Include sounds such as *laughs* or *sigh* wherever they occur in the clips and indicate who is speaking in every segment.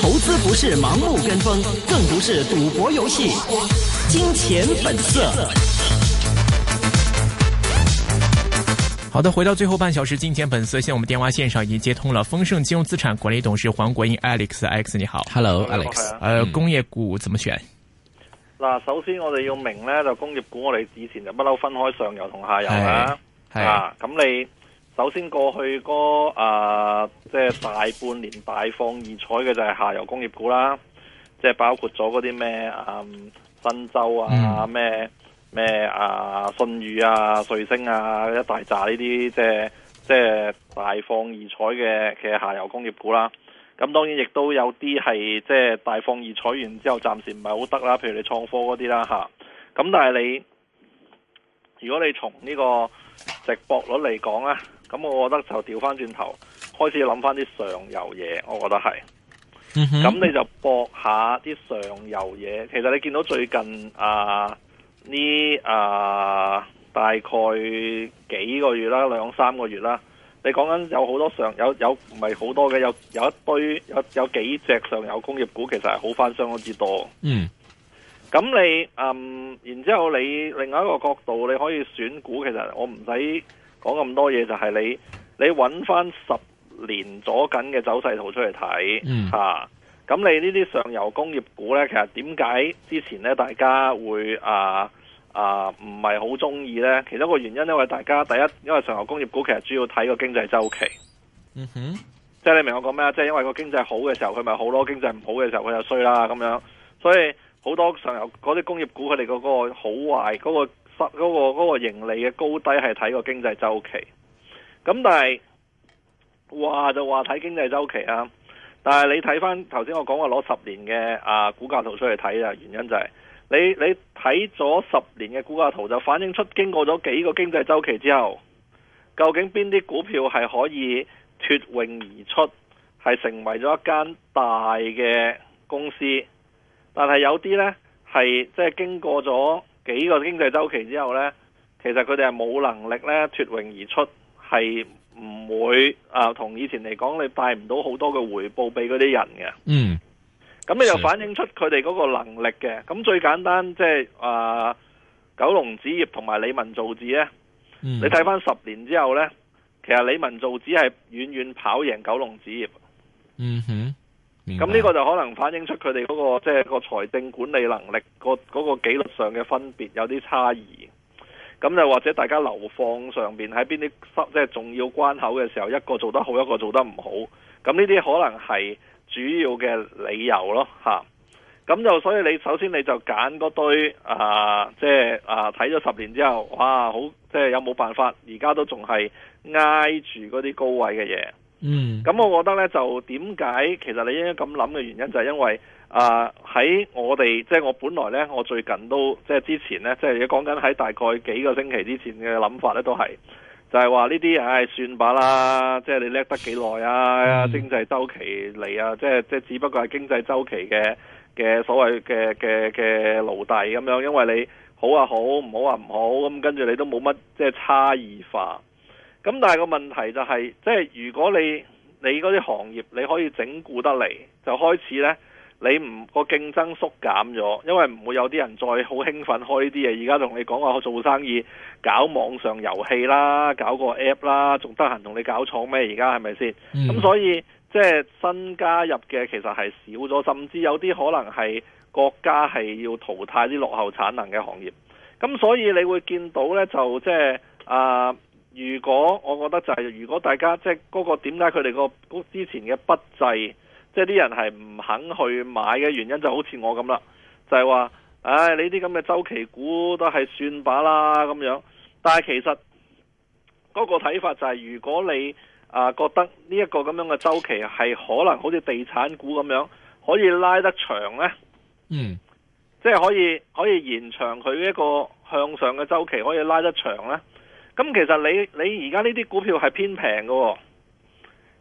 Speaker 1: 投資不是盲目跟風，更不是賭博遊戲。金錢本色。
Speaker 2: 好的，回到最後半小時，金錢本色。現在我們電話線上已經接通了，豐盛金融資產管理董事黃國英 Alex，Alex 你好，Hello Alex。呃，工業股怎麼選？
Speaker 1: 嗱，首先我哋要明呢，就工業股，我哋以前就不嬲分開上游同下游啦。
Speaker 3: 啊，
Speaker 1: 咁你。首先過去個誒，即、啊、係、就是、大半年大放異彩嘅就係下游工業股啦，即、就、係、是、包括咗嗰啲咩誒新洲啊、咩咩啊，啊，啊信譽啊、瑞星啊、一大扎呢啲，即係即係大放異彩嘅嘅、就是、下游工業股啦。咁當然亦都有啲係即係大放異彩完之後暫時唔係好得啦，譬如你創科嗰啲啦吓。咁、啊、但係你如果你從呢個值博率嚟講咧？咁我覺得就調翻轉頭，開始諗翻啲上游嘢，我覺得係。
Speaker 3: 咁、mm hmm. 你就
Speaker 1: 博一下啲上游嘢。其實你見到最近啊，呢、呃、啊、呃、大概幾個月啦，兩三個月啦，你講緊有好多上，有有唔係好多嘅，有有，有一堆有有幾隻上游工業股其實係好翻相當之多，mm
Speaker 3: hmm.。
Speaker 1: 嗯。咁你嗯，然之後你另外一個角度，你可以選股。其實我唔使，講咁多嘢，就係、是、你，你揾翻十年左緊嘅走勢圖出嚟睇，吓、mm. 啊，咁你呢啲上游工業股呢，其實點解之前呢大家會啊啊唔係好中意呢？其中一個原因呢，因為大家第一，因為上游工業股其實主要睇個經濟周期，
Speaker 3: 嗯哼、mm，
Speaker 1: 即、hmm. 係你明我講咩啊？即、就、係、是、因為個經濟好嘅時候佢咪好咯，經濟唔好嘅時候佢就衰啦，咁樣，所以好多上游嗰啲工業股佢哋個好壞個。那個嗰個嗰個盈利嘅高低係睇個經濟周期，咁但係話就話睇經濟周期啊！但係你睇翻頭先我講我攞十年嘅啊股價圖出嚟睇啊，原因就係你你睇咗十年嘅股價圖就反映出經過咗幾個經濟周期之後，究竟邊啲股票係可以脫穎而出，係成為咗一間大嘅公司，但係有啲呢，係即係經過咗。幾個經濟周期之後呢，其實佢哋係冇能力呢脫穎而出，係唔會啊同以前嚟講，你帶唔到好多嘅回報俾嗰啲人嘅。嗯，咁你又反映出佢哋嗰個能力嘅。咁最簡單即係啊，玖龍紙業同埋理文造紙呢。嗯、你睇翻十年之後呢，其實理文造紙係遠遠跑贏玖龍紙業。嗯哼。咁呢個就可能反映出佢哋嗰個即係、就是、個財政管理能力、那個嗰、那個紀律上嘅分別有啲差異，咁就或者大家流放上邊喺邊啲即係重要關口嘅時候，一個做得好，一個做得唔好，咁呢啲可能係主要嘅理由咯吓。咁就所以你首先你就揀嗰堆啊，即係啊睇咗十年之後，哇，好即係、就是、有冇辦法？而家都仲係挨住嗰啲高位嘅嘢。嗯，咁我覺得咧，就點解其實你應該咁諗嘅原因就係因為啊，喺、呃、我哋即係我本來咧，我最近都即係之前咧，即係講緊喺大概幾個星期之前嘅諗法咧，都係就係話呢啲唉算吧啦，即係你叻得幾耐啊，嗯、經濟周期嚟啊，即係即係只不過係經濟周期嘅嘅所謂嘅嘅嘅奴隸咁樣，因為你好啊好，唔好啊唔好，咁跟住你都冇乜即係差異化。咁但係個問題就係、是，即係如果你你嗰啲行業你可以整固得嚟，就開始呢，你唔個競爭縮減咗，因為唔會有啲人再好興奮開呢啲嘢。而家同你講話我做生意搞網上遊戲啦，搞個 app 啦，仲得閒同你搞廠咩？而家係咪先咁？嗯、所以即係新加入嘅其實係少咗，甚至有啲可能係國家係要淘汰啲落後產能嘅行業。咁所以你會見到呢，就即係啊～如果我覺得就係，如果大家即係嗰個點解佢哋個之前嘅不濟，即係啲人係唔肯去買嘅原因，就好似我咁啦，就係話，唉，呢啲咁嘅周期股都係算把啦咁樣。但係其實嗰個睇法就係，如果你啊覺得呢一個咁樣嘅周期係可能好似地產股咁樣，可以拉得長呢，嗯，即係可以可以延長佢一個向上嘅周期，可以拉得長呢。咁、嗯、其實你你而家呢啲股票係偏平嘅，哦，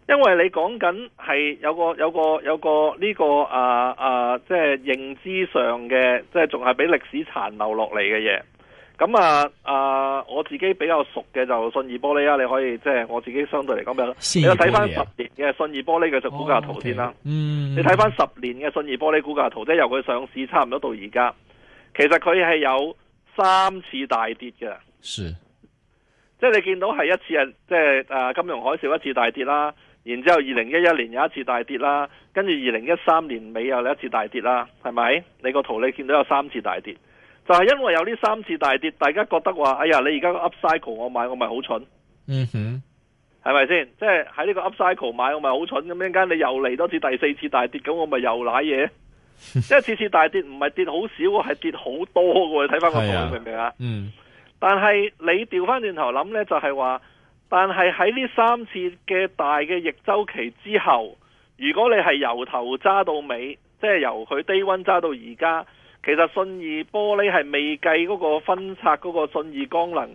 Speaker 1: 因為你講緊係有個有個有個呢、這個啊啊，即、啊、係、就是、認知上嘅，即係仲係畀歷史殘留落嚟嘅嘢。咁、嗯、啊啊，我自己比較熟嘅就信義玻璃啦、啊。你可以即係、就是、我自己相對嚟講，咪啦。你睇翻十年嘅信義玻璃嘅、啊、就股價圖先啦、
Speaker 3: oh, okay. 了。嗯，你睇翻
Speaker 1: 十年嘅信義玻璃股價圖，即、就、係、是、由佢上市差唔多到而家，其實佢係有三次大跌嘅。是。即係你見到係一次啊，即係金融海嘯一次大跌啦，然之後二零一一年有一次大跌啦，跟住二零一三年尾又一次大跌啦，係咪？你個圖你見到有三次大跌，就係因為有呢三次大跌，大家覺得話：哎呀，你而家 upcycle 我買，我咪好蠢？嗯哼，係咪先？即係喺呢個 upcycle 買，我咪好蠢，咁陣間你又嚟多次第四次大跌，咁我咪又舐嘢？即係次次大跌唔係跌好少，係跌好多嘅喎。你睇翻個圖，明唔明啊？明嗯。但係你調翻轉頭諗呢，就係話，但係喺呢三次嘅大嘅逆周期之後，如果你係由頭揸到尾，即係由佢低溫揸到而家，其實信義玻璃係未計嗰個分拆嗰個信義光能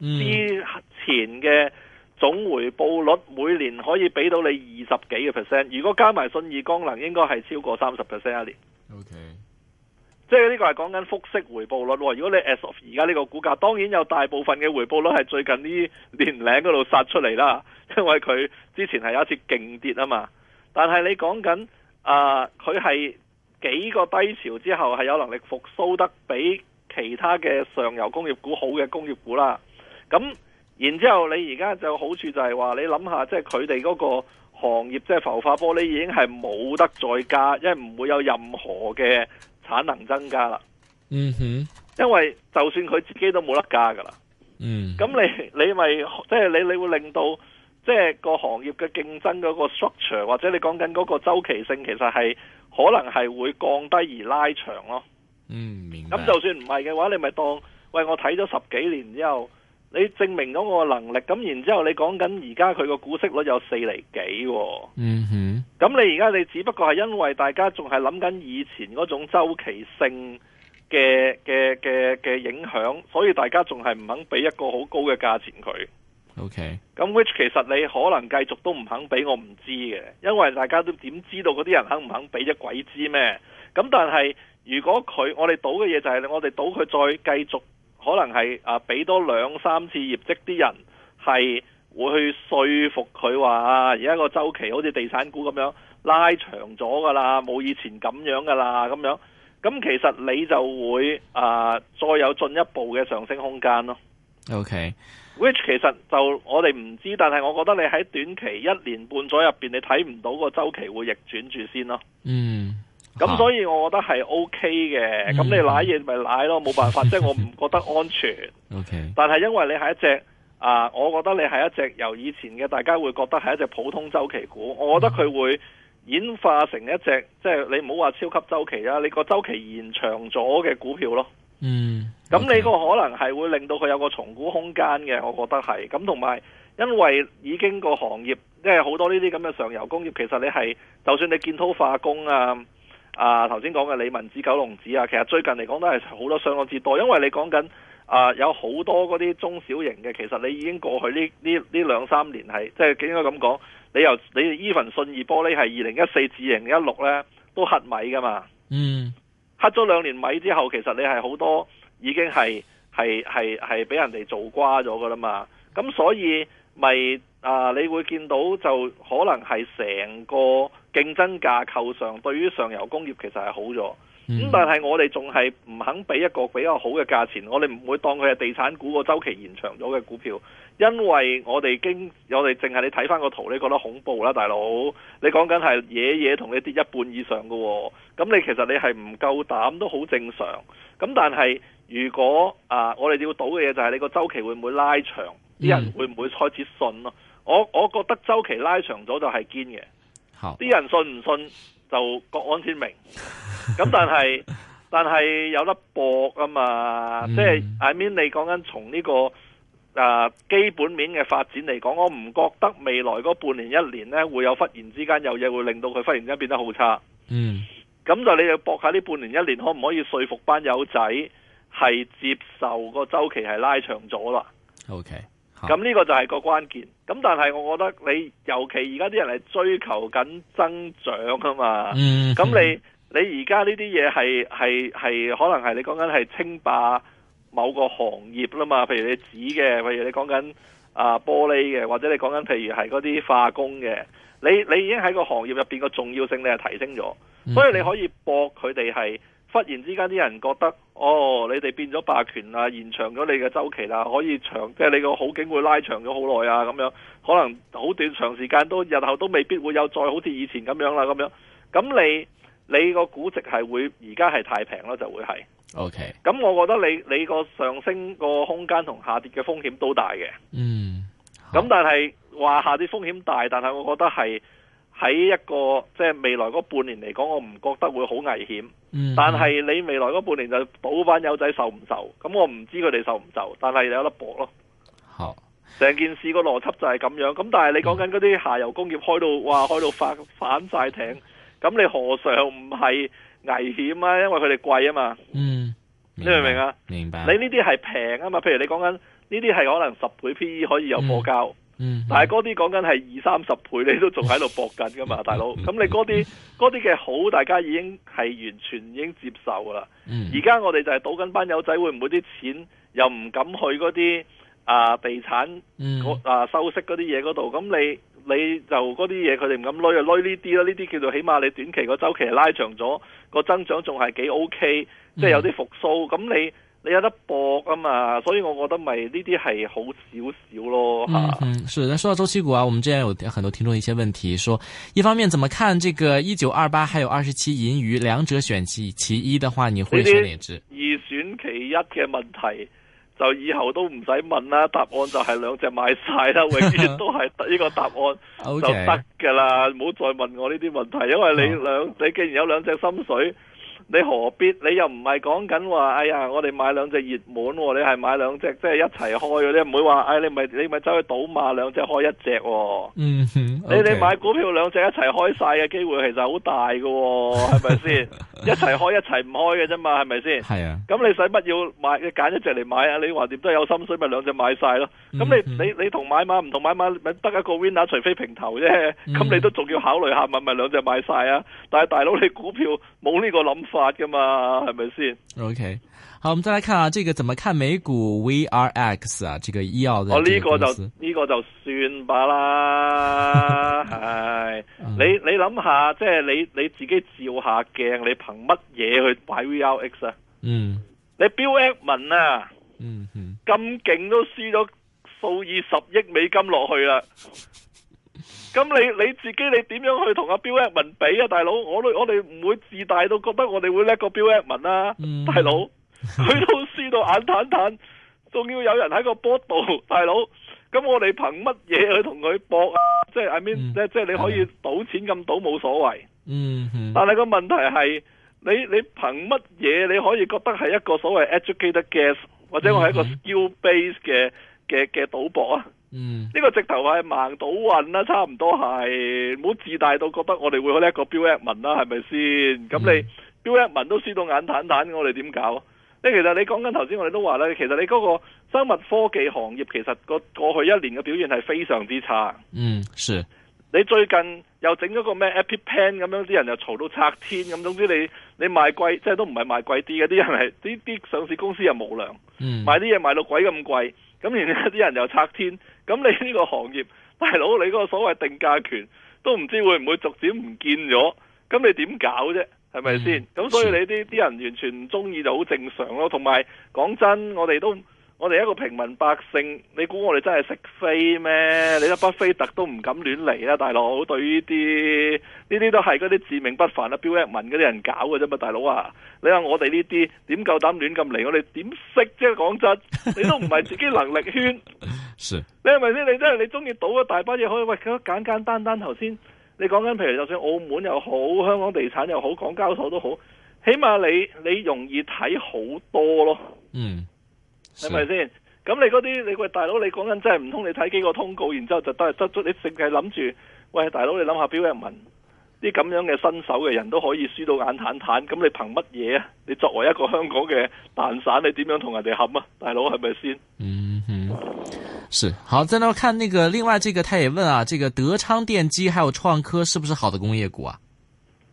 Speaker 1: 之前嘅總回報率，每年可以俾到你二十幾個 percent。如果加埋信義光能，應該係超過三十 percent 一年。OK。即係呢個係講緊複息回報率喎。如果你 as of 而家呢個股價，當然有大部分嘅回報率係最近呢年零嗰度殺出嚟啦，因為佢之前係有一次勁跌啊嘛。但係你講緊啊，佢、呃、係幾個低潮之後係有能力復甦得比其他嘅上游工業股好嘅工業股啦。咁然之後，你而家就好處就係話，你諗下，即係佢哋嗰個行業，即係浮化玻璃已經係冇得再加，因為唔會有任何嘅。產能增加啦，嗯哼、mm，hmm。因為就算佢自己都冇得加噶啦，嗯、mm，咁、hmm。你你咪即係你你會令到即係、就是、個行業嘅競爭嗰個 structure 或者你講緊嗰個周期性，其實係可能係會降低而拉長咯，嗯、mm，咁、hmm。就算唔係嘅話，你咪當喂，我睇咗十幾年之後。你證明咗我嘅能力，咁然之後你講緊而家佢個股息率有四厘幾喎。
Speaker 3: 嗯哼，
Speaker 1: 咁你而家你只不過係因為大家仲係諗緊以前嗰種周期性嘅嘅嘅嘅影響，所以大家仲係唔肯俾一個好高嘅價錢佢。OK。咁 which 其實你可能繼續都唔肯俾我唔知嘅，因為大家都點知道嗰啲人肯唔肯俾啫？鬼知咩？咁但係如果佢我哋賭嘅嘢就係我哋賭，佢再繼續。可能係啊，俾多兩三次業績啲人係會去說服佢話啊，而家個週期好似地產股咁樣拉長咗㗎啦，冇以前咁樣㗎啦，咁樣咁其實你就會啊，再有進一步嘅上升空間咯。
Speaker 2: OK，which
Speaker 1: Okay. 其實就我哋唔知，但係我覺得你喺短期一年半左右入邊，你睇唔到個週期會逆轉住先咯。嗯。咁、啊、所以我覺得係 O K 嘅。咁、嗯、你奶嘢咪奶咯，冇辦法，即係 *laughs* 我唔覺得安全。O Okay . K，但係因為你係一隻啊、呃，我覺得你係一隻由以前嘅大家會覺得係一隻普通周期股，我覺得佢會演化成一隻即係你唔好話超級周期啦，你個周期延長咗嘅股票咯。嗯，咁你個可能係會令到佢有個重估空間嘅，我覺得係。咁同埋因為已經個行業即係好多呢啲咁嘅上游工業，其實你係就算你建滔化工啊。啊，頭先講嘅李文子、九龍子啊，其實最近嚟講都係好多相當之多，因為你講緊啊，有好多嗰啲中小型嘅，其實你已經過去呢呢呢兩三年係，即係應該咁講，你由你依份信義玻璃係二零一四至二零一六呢都黑米噶嘛，
Speaker 3: 嗯，
Speaker 1: 黑咗兩年米之後，其實你係好多已經係係係係俾人哋做瓜咗噶啦嘛，咁所以咪啊，你會見到就可能係成個。競爭架構上，對於上游工業其實係好咗，咁、嗯、但係我哋仲係唔肯俾一個比較好嘅價錢，我哋唔會當佢係地產股個週期延長咗嘅股票，因為我哋經我哋淨係你睇翻個圖，你覺得恐怖啦，大佬，你講緊係嘢嘢同你跌一半以上嘅喎，咁你其實你係唔夠膽都好正常，咁但係如果啊、呃，我哋要賭嘅嘢就係你個週期會唔會拉長，
Speaker 3: 啲人會唔
Speaker 1: 會開始信咯、啊？我我覺得週期拉長咗就係堅嘅。啲好人信唔信就各安天命，咁但係 *laughs* 但係有得搏啊嘛，即係、嗯就是、I mean 你講緊從呢個啊、呃、基本面嘅發展嚟講，我唔覺得未來嗰半年一年呢，會有忽然之間有嘢會令到佢忽然之間變得好差。嗯，咁就你就搏下呢半年一年可唔可以說服班友仔係接受個周期係拉長咗啦。OK。
Speaker 2: 咁
Speaker 1: 呢個就係個關鍵，咁但係我覺得你尤其而家啲人係追求緊增長啊嘛，咁你你而家呢啲嘢係係係可能係你講緊係稱霸某個行業啦嘛，譬如你指嘅，譬如你講緊啊玻璃嘅，或者你講緊譬如係嗰啲化工嘅，你你已經喺個行業入邊個重要性你係提升咗，所以你可以博佢哋係。忽然之間啲人覺得，哦，你哋變咗霸權啦，延長咗你嘅周期啦，可以長，即係你個好景會拉長咗好耐啊，咁樣可能好短，長時間都日後都未必會有再好似以前咁樣啦，咁樣，咁你你個估值係會而家係太平咯，就會係。OK. 咁我覺得你你個上升個空間同下跌嘅風險都大嘅。嗯、mm。咁但係話下跌風險大，但係我覺得係。喺一個即係未來嗰半年嚟講，我唔覺得會好危險。嗯、
Speaker 3: 哼但係
Speaker 1: 你未來嗰半年就倒返友仔受唔受？咁我唔知佢哋受唔受，但係有得搏咯。好，成件事個邏輯就係咁樣。咁但係你講緊嗰啲下游工業開到哇，開到反反曬艇，咁你何嘗唔係危險啊？因為佢哋貴啊嘛。嗯，你明唔明啊？明白。你呢啲係平啊白嘛？譬如你講緊呢啲係可能十倍 P E 可以有貨交。嗯。嗯嗯、但係嗰啲講緊係二三十倍，你都仲喺度搏緊噶嘛，大佬、嗯？咁、嗯嗯嗯、你嗰啲嗰啲嘅好，大家已經係完全已經接受噶啦。而家、嗯、我哋就係賭緊班友仔會唔會啲錢又唔敢去嗰啲啊地產啊收息嗰啲嘢嗰度？咁你你就嗰啲嘢佢哋唔敢攞，就攞呢啲啦。呢啲叫做起碼你短期個週期拉長咗，個增長仲係幾 OK，即係有啲復甦。咁你。你有得搏啊嘛，所以我覺得咪呢啲係好少少咯。嗯，
Speaker 2: 是。但係說到周期股啊，我們之前有很多聽眾一些問題說，說一方面怎麼看這個一九二八，還有二十七銀娛，兩者選其其一的話，你會選哪隻？
Speaker 1: 二選其一嘅問題，就以後都唔使問啦。答案就係兩隻賣晒啦，永遠都係得呢個答案就得噶啦。唔好 *laughs* Okay. 再問我呢啲問題，因為你兩你既然有兩隻心水。你何必？你又唔係講緊話？哎呀，我哋買兩隻熱門喎，你係買兩隻即係一齊開嘅啫。唔會話，哎，你咪你咪走去賭馬兩隻開一隻喎。嗯哼，你
Speaker 3: okay. 你買
Speaker 1: 股票兩隻一齊開晒嘅機會其實好大㗎喎，係咪先？一齊開一齊唔開嘅啫嘛，係咪先？係啊。咁你使乜要買？你揀一隻嚟買啊？你話點都有心水，咪兩隻買晒咯。咁、嗯、哼你你你同買馬唔同買馬，咪得一個 winner，除非平頭啫。咁、嗯、你都仲要考慮下，咪咪兩隻買晒啊？但係大佬你股票冇呢個諗法。發噶嘛，係咪先
Speaker 2: ？OK，好，我們再來看啊，這個怎麼看美股 VRX 啊？這個醫藥嘅呢個就
Speaker 1: 呢、這個就算吧啦。唉，你你諗下，即、就、係、是、你你自己照下鏡，你憑乜嘢去買 VRX 啊？嗯，你 Bill Ackman 啊，嗯嗯哼，咁勁都輸咗數以十億美金落去啦。咁你你自己你點樣去同阿 Bill Ackman 比啊，大佬？我我哋唔會自大到覺得我哋會叻過 Bill Ackman 啊，大佬。佢都輸到眼坦坦，仲要有人喺個波度，大佬。咁我哋憑乜嘢去同佢搏啊？ *laughs* 即係 I mean，嗯、即即係你可以賭錢咁賭冇所謂，嗯。嗯，嗯但係個問題係，你你憑乜嘢你可以覺得係一個所謂 educated guess，或者我係一個 skill based 嘅嘅嘅賭博啊？嗯，呢個直頭係盲賭運啦，差唔多係，唔好自大到覺得我哋會好叻個 Bill Ackman 啦，係咪先？咁你 Bill Ackman 都輸到眼淡淡，我哋點搞？你其實你講緊頭先，我哋都話啦，其實你嗰個生物科技行業，其實個過去一年嘅表現係非常之差。嗯，是。你最近又整咗個咩 a p t p e n 咁樣，啲人又嘈到拆天咁，總之你你賣貴，即係都唔係賣貴啲嘅，啲人係呢啲上市公司又無良，嗯，賣啲嘢賣到鬼咁貴。咁然家啲人又拆天，咁你呢個行業，大佬你嗰個所謂定價權都唔知會唔會逐漸唔見咗，咁你點搞啫？係咪先？咁、嗯、所以你啲啲人完全唔中意就好正常咯。同埋講真，我哋都。我哋一個平民百姓，你估我哋真係識飛咩？你阿巴菲特都唔敢亂嚟啊！大佬，對呢啲呢啲都係嗰啲自命不凡啊，Bill Gates 嗰啲人搞嘅啫嘛！大佬啊，你話我哋呢啲點夠膽亂咁嚟？我哋點識啫？講真，你都唔係自己能力圈。
Speaker 2: *laughs* 是
Speaker 1: 你係咪先？你真係你中意賭一大班嘢可以喂，咁簡簡單單頭先，你講緊譬如，就算澳門又好，香港地產又好，港交所都好，起碼你你容易睇好多咯。嗯。係咪先？咁是你嗰啲你喂大佬，你講緊真係唔通你睇幾個通告，然之後就得得足？你淨係諗住喂大佬，你諗下表嘅文？啲咁樣嘅新手嘅人都可以輸到眼坦坦，咁你憑乜嘢啊？你作為一個香港嘅蛋散，你點樣同人哋合啊？大佬，係咪先？嗯哼，
Speaker 2: 是，好，再到看，看那個另外這個他也問啊，這個德昌電機還有創科是不是好的工業股啊？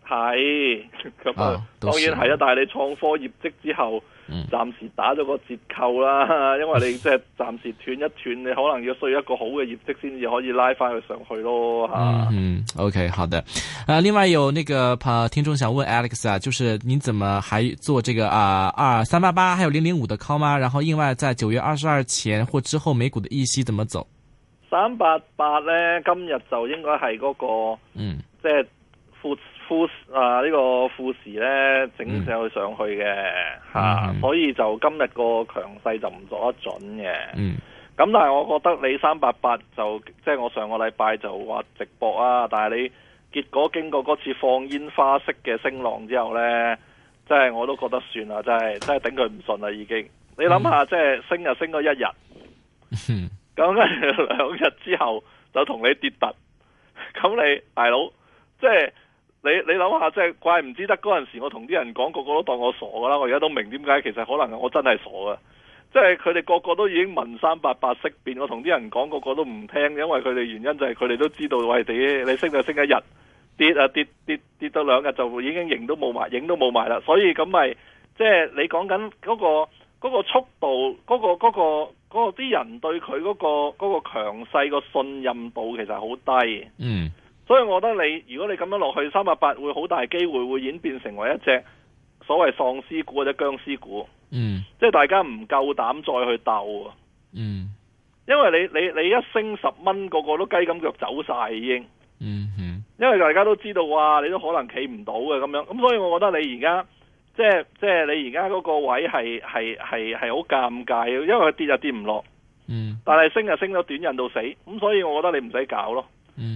Speaker 1: 係咁啊，嗯哦、當然係啊，但係你創科業績之後，暫、嗯、時打咗個折扣啦，因為你即係暫時斷一斷，你可能要需要一個好嘅業績先至可以拉翻佢上去咯嚇、嗯。嗯
Speaker 2: ，OK，好的。誒、啊，另外有那個聽眾想問 Alex 啊，就是你怎麼還做這個啊？二三八八，還有零零五的 call 嗎？然後另外在九月二十二前或之後，美股的議息怎麼走？
Speaker 1: 三八八咧，今日就應該係嗰個，嗯，即係負。啊呢、這個富士呢，整，整上去上去嘅吓，所以就今日個強勢就唔作得準嘅。咁、嗯、但係我覺得你三八八就即係、就是、我上個禮拜就話直播啊，但係你結果經過嗰次放煙花式嘅升浪之後呢，即係我都覺得算啦，真係真係頂佢唔順啦已經。你諗下即係、就是、升就升咗一日，咁兩日之後就同你跌突，咁你大佬即係。你你諗下，即係怪唔知得嗰陣時，我同啲人講，個個都當我傻噶啦。我而家都明點解，其實可能我真係傻噶。即係佢哋個個都已經文三八八識變，我同啲人講，個個都唔聽，因為佢哋原因就係佢哋都知道喂，哋，你升就升一日，跌啊跌跌跌到兩日就已經影都冇埋。影都冇埋啦。所以咁咪即係你講緊嗰個嗰個速度，嗰個嗰個啲人對佢嗰個嗰個強勢個信任度其實好低。嗯。所以我覺得你如果你咁樣落去，三百八會好大機會會演變成為一隻所謂喪屍股或者僵屍股，嗯，即係大家唔夠膽再去鬥啊，嗯，因為你你你一升十蚊，個個都雞咁腳走晒已經，嗯，嗯，因為大家都知道啊，你都可能企唔到嘅咁樣，咁所以我覺得你而家即係即係你而家嗰個位係係係係好尷尬嘅，因為佢跌就跌唔落，嗯，但係升就升咗短人到死，咁所以我覺得你唔使搞咯。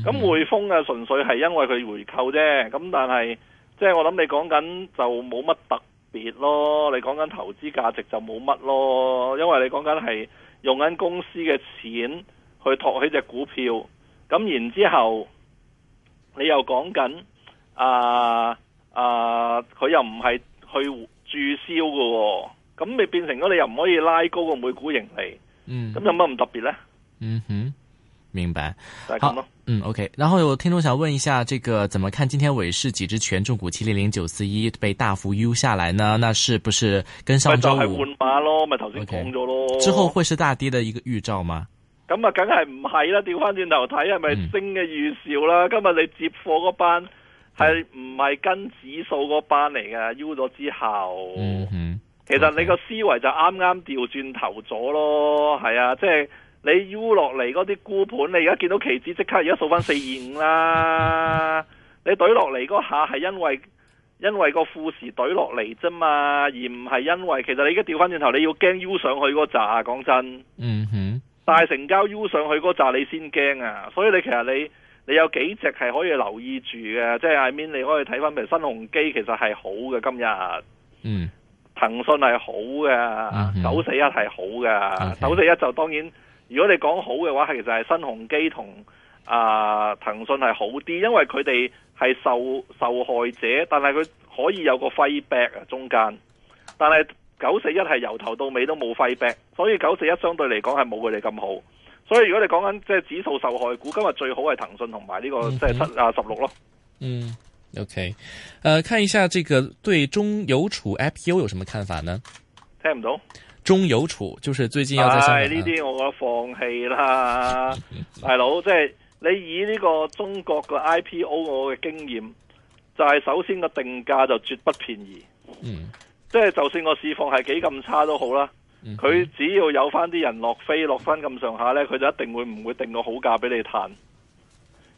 Speaker 1: 咁匯豐啊，純粹係因為佢回購啫。咁但係，即、就、係、是、我諗你講緊就冇乜特別咯。你講緊投資價值就冇乜咯，因為你講緊係用緊公司嘅錢去托起隻股票。咁然之後，你又講緊啊啊，佢、啊、又唔係去注銷喎。咁你變成咗你又唔可以拉高個每股盈利。咁有乜唔特別呢？嗯哼。嗯嗯
Speaker 2: 明白，嗯，OK。然後有聽眾想問一下，這個怎麼看今天尾市幾隻權重股七零零九四一被大幅 U 下來呢？那是不是跟上周五就係換
Speaker 1: 馬咯，咪頭先講咗咯？之後
Speaker 2: 會是大跌的一個預兆嗎？
Speaker 1: 咁啊，梗係唔係啦，調翻轉頭睇係咪升嘅預兆啦？嗯、今日你接貨嗰班係唔係跟指數嗰班嚟嘅？U 咗之後，嗯嗯、其實你個思維就啱啱調轉頭咗咯，係、嗯、啊，即係。你 U 落嚟嗰啲沽盤，你而家見到期指即刻而家數翻四二五啦！你懟落嚟嗰下係因為因為個富時懟落嚟啫嘛，而唔係因為其實你而家掉翻轉頭你要驚 U 上去嗰扎，講真，嗯哼，大成交 U 上去嗰扎你先驚啊！所以你其實你你有幾隻係可以留意住嘅，即係 I mean 你可以睇翻譬如新鴻基其實係好嘅今日，嗯，騰訊係好嘅，九四一係好嘅，九四一就當然。如果你講好嘅話，係其實係新鴻基同啊騰訊係好啲，因為佢哋係受受害者，但係佢可以有個 feedback 啊中間，但係九四一係由頭到尾都冇 feedback，所以九四一相對嚟講係冇佢哋咁好。所以如果你講緊即係指數受害股，今日最好係騰訊同埋呢個即係七啊十六咯。嗯
Speaker 2: ，OK，呃、uh，看一下這個對中郵儲 IPO 有什麼看法呢？
Speaker 1: 聽唔到。
Speaker 2: 中油儲，就是最近要呢啲，哎、這些
Speaker 1: 我覺得放棄啦， *laughs* 大佬。即、就、係、是、你以呢個中國個 IPO 我嘅經驗，就係、是、首先個定價就絕不便宜。嗯。即係就，就算個市況係幾咁差都好啦，佢、嗯、哼只要有翻啲人落飛落翻咁上下呢，佢就一定會唔會定個好價俾你彈。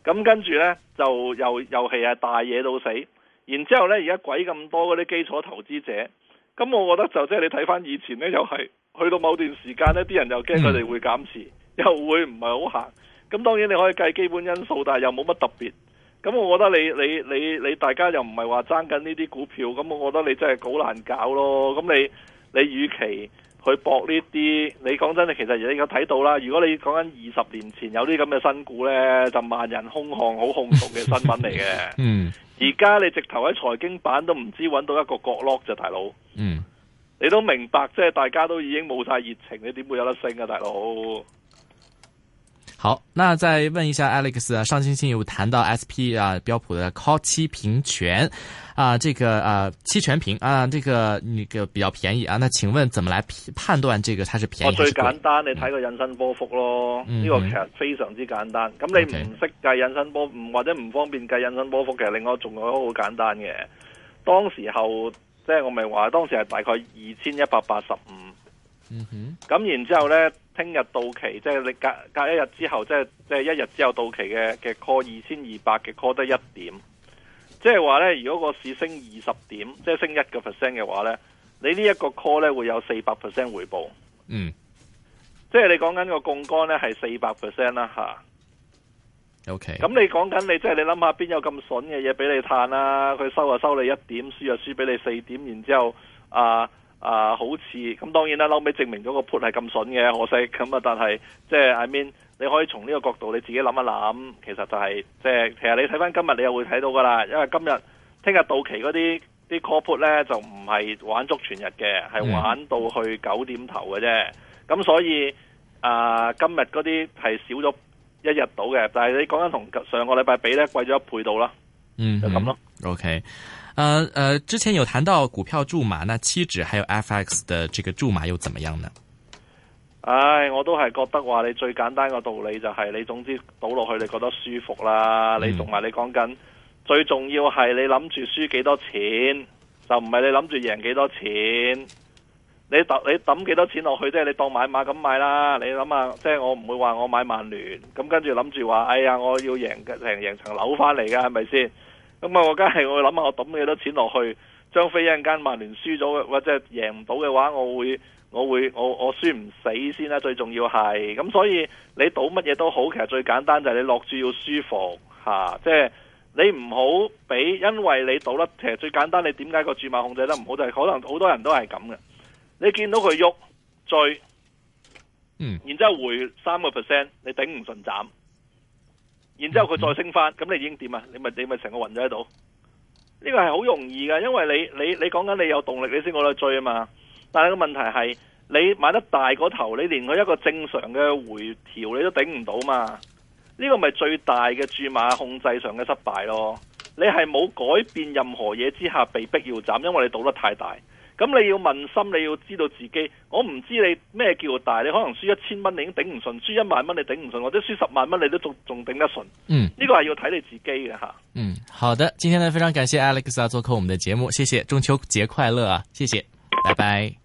Speaker 1: 咁跟住呢，就尤尤其係大嘢到死。然之後咧，而家鬼咁多嗰啲基礎投資者。咁我覺得就即係、就是、你睇翻以前呢，又係去到某段時間呢，啲人又驚佢哋會減持，又會唔係好行。咁當然你可以計基本因素，但係又冇乜特別。咁我覺得你你你你，你大家又唔係話爭緊呢啲股票，咁我覺得你真係好難搞咯。咁你你與其，佢搏呢啲，你講真你其實而家睇到啦。如果你講緊二十年前有啲咁嘅新股呢，就萬人空巷，好恐怖嘅新聞嚟嘅。 *laughs* 嗯，而家你直頭喺財經版都唔知揾到一個角落就大佬。嗯，你都明白，即係大家都已經冇晒熱情，你點會有得升啊，大佬？
Speaker 2: 好，那再問一下 Alex，上星期有談到 SP 啊，標普的 call 期平權，啊，這個啊，期權平啊，這個，呢、這個比較便宜啊，那請問怎麼來判斷這個它是便宜還是貴？我最
Speaker 1: 簡單，你睇個引伸波幅咯，呢、嗯、個其實非常之簡單。咁、嗯、你唔識計引伸波幅，okay 或者唔方便計引伸波幅，其實另外仲有個好簡單嘅，當時候即係我咪話，當時係大概二千一百八十五。嗯哼，咁、mm hmm。然之後咧，聽日到期，即係你隔隔一日之後，即係即係一日之後到期嘅嘅 call 二千二百嘅 call 得一點，即係話咧，如果個市升二十點，即係升一個 percent 嘅話咧，你呢一個 call 咧會有四百 percent 回報，嗯、
Speaker 3: mm，hmm。
Speaker 1: 即係你講緊個槓桿咧係四百 percent 啦吓，O K，咁你講緊你即係你諗下邊有咁筍嘅嘢俾你嘆啦，佢收就收你一點，輸就輸俾你四點，然之後啊。呃啊、呃，好似咁，當然啦，後尾證明咗個 put 係咁筍嘅，可惜咁啊？但係即係，I mean，你可以從呢個角度你自己諗一諗，其實就係、是、即係，其實你睇翻今日你又會睇到噶啦，因為今日聽日到期嗰啲啲 call put 咧就唔係玩足全日嘅，係玩到去九點頭嘅啫。咁、嗯、所以啊、呃，今日嗰啲係少咗一日到嘅，但係你講緊同上個禮拜比咧貴咗一倍到啦，嗯、
Speaker 2: 就咁咯。OK。誒誒、呃呃，之前有談到股票注碼，那期指還有 FX 的這個注碼又怎麼樣呢？
Speaker 1: 唉、哎，我都係覺得話你最簡單個道理就係你總之倒落去你覺得舒服啦，嗯、你同埋你講緊最重要係你諗住輸幾多錢，就唔係你諗住贏幾多錢。你抌你抌幾多錢落去即係、就是、你當買馬咁買啦。你諗下即係我唔會話我買曼聯，咁跟住諗住話，哎呀我要贏贏贏成層樓翻嚟噶係咪先？是。咁啊，我梗係我諗下，我抌幾多錢落去，張飛一陣間曼聯輸咗，或者贏唔到嘅話，我會我會我我輸唔死先啦。最重要係，咁所以你賭乜嘢都好，其實最簡單就係你落注要舒服吓，即係你唔好俾，因為你賭得其實最簡單你點解個注碼控制得唔好，就係可能好多人都係咁嘅，你見到佢喐，追嗯，然之後回三個 percent，你頂唔順斬。然之後佢再升翻，咁你已經點啊？你咪你咪成個暈咗喺度，呢個係好容易噶，因為你你你講緊你有動力，你先過得追啊嘛。但係個問題係，你買得大個頭，你連佢一個正常嘅回調你都頂唔到嘛？呢個咪最大嘅注碼控制上嘅失敗咯。你係冇改變任何嘢之下被逼要斬，因為你賭得太大。咁你要問心，你要知道自己。我唔知你咩叫大，你可能輸一千蚊你已經頂唔順，輸一萬蚊你頂唔順，或者輸十萬蚊你都仲仲頂得順。嗯，呢個係要睇你自己嘅吓。嗯，
Speaker 2: 好的，今天呢非常感謝 Alex 啊做客我們的節目，謝謝，中秋節快樂啊，謝謝，拜拜。